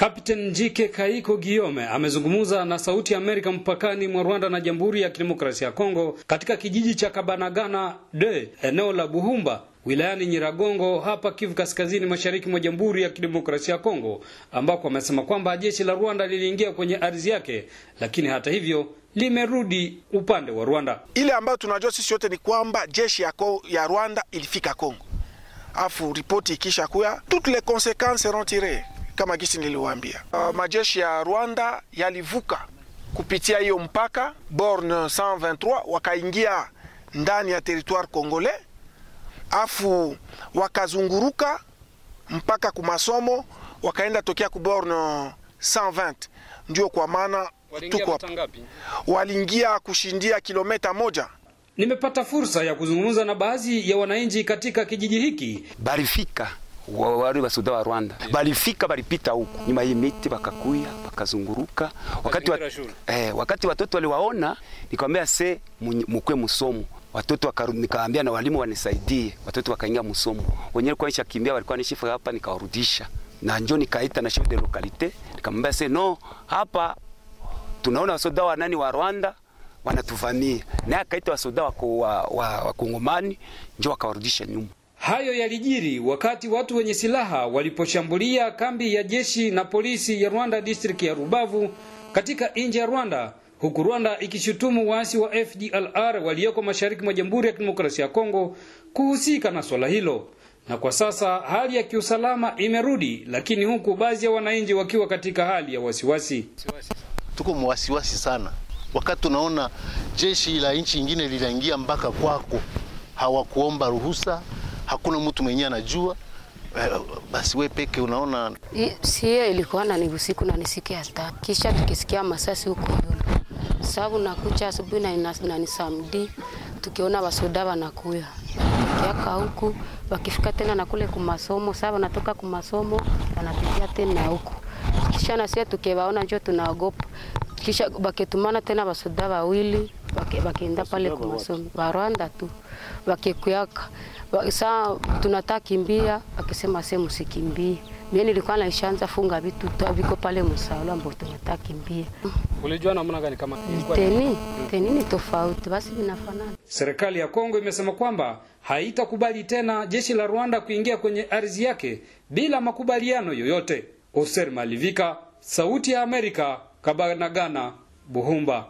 Kapteni jike Kaiko Giome amezungumza na Sauti ya Amerika mpakani mwa Rwanda na Jamhuri ya Kidemokrasia ya Kongo katika kijiji cha Kabanagana de eneo la Buhumba wilayani Nyiragongo hapa Kivu Kaskazini mashariki mwa Jamhuri ya Kidemokrasia ya Kongo ambako amesema kwamba jeshi la Rwanda liliingia kwenye ardhi yake, lakini hata hivyo limerudi upande wa Rwanda. Ile ambayo tunajua sisi yote ni kwamba jeshi ya, ko, ya Rwanda ilifika Kongo, afu ripoti ikisha kuya toutes les conséquences seront tirées kama gisi niliwaambia. Uh, majeshi ya Rwanda yalivuka kupitia hiyo mpaka borne 123 wakaingia ndani ya territoire congolais, afu wakazunguruka mpaka kumasomo wakaenda tokea borne 120 ndio kwa maana tuko waliingia kushindia kilomita moja. Nimepata fursa ya kuzungumza na baadhi ya wananchi katika kijiji hiki barifika wari basuda wa Rwanda yeah. balifika, balipita huko nyuma ya miti, bakakuya bakazunguruka. Wakati, wat, eh, wakati watoto waliwaona nikamwambia se mukwe musomo watoto nikaambia na walimu wanisaidie, watoto wakaingia musomo Wenyewe kwa nisha kimbia walikuwa ni nishifa hapa, nikawarudisha na njoo nikaita na chef de localité nikamwambia se no, hapa tunaona wasoda wa nani wa Rwanda wanatuvamia, naye akaita wasoda wa wa, wa, wa Kongomani, njoo akawarudisha nyuma. Hayo yalijiri wakati watu wenye silaha waliposhambulia kambi ya jeshi na polisi ya Rwanda district ya Rubavu katika nje ya Rwanda, huku Rwanda ikishutumu waasi wa FDLR walioko mashariki mwa Jamhuri ya Kidemokrasia ya Kongo kuhusika na swala hilo. Na kwa sasa hali ya kiusalama imerudi, lakini huku baadhi ya wananchi wakiwa katika hali ya wasiwasi. Tuko mwasiwasi sana wakati tunaona jeshi la nchi nyingine linaingia mpaka kwako, hawakuomba ruhusa hakuna mtu mwenyewe anajua eh, basi we peke unaona. Si yeye ilikuwa na usiku na nisikia hata kisha tukisikia masasi huko sababu nakucha asubuhi na nisamdi tukiona wasoda wanakuya kiaka huku wakifika tena na kule kumasomo sababu natoka kumasomo wanapitia tena huku kisha nasia tukiwaona njoo tunaogopa kisha baketumana tena basoda wawili bakienda pale kwa masomo wa Rwanda tu bakikuyaka saa tunataka kimbia, akisema se msikimbie. Mimi nilikuwa naishaanza funga vitu tu viko pale msaula ambao tunataka kimbia. Ulijua namna gani kama teni teni ni tofauti basi vinafanana. Serikali ya Kongo imesema kwamba haitakubali tena jeshi la Rwanda kuingia kwenye ardhi yake bila makubaliano yoyote. Oser Malivika, Sauti ya Amerika, Kabanagana, Buhumba.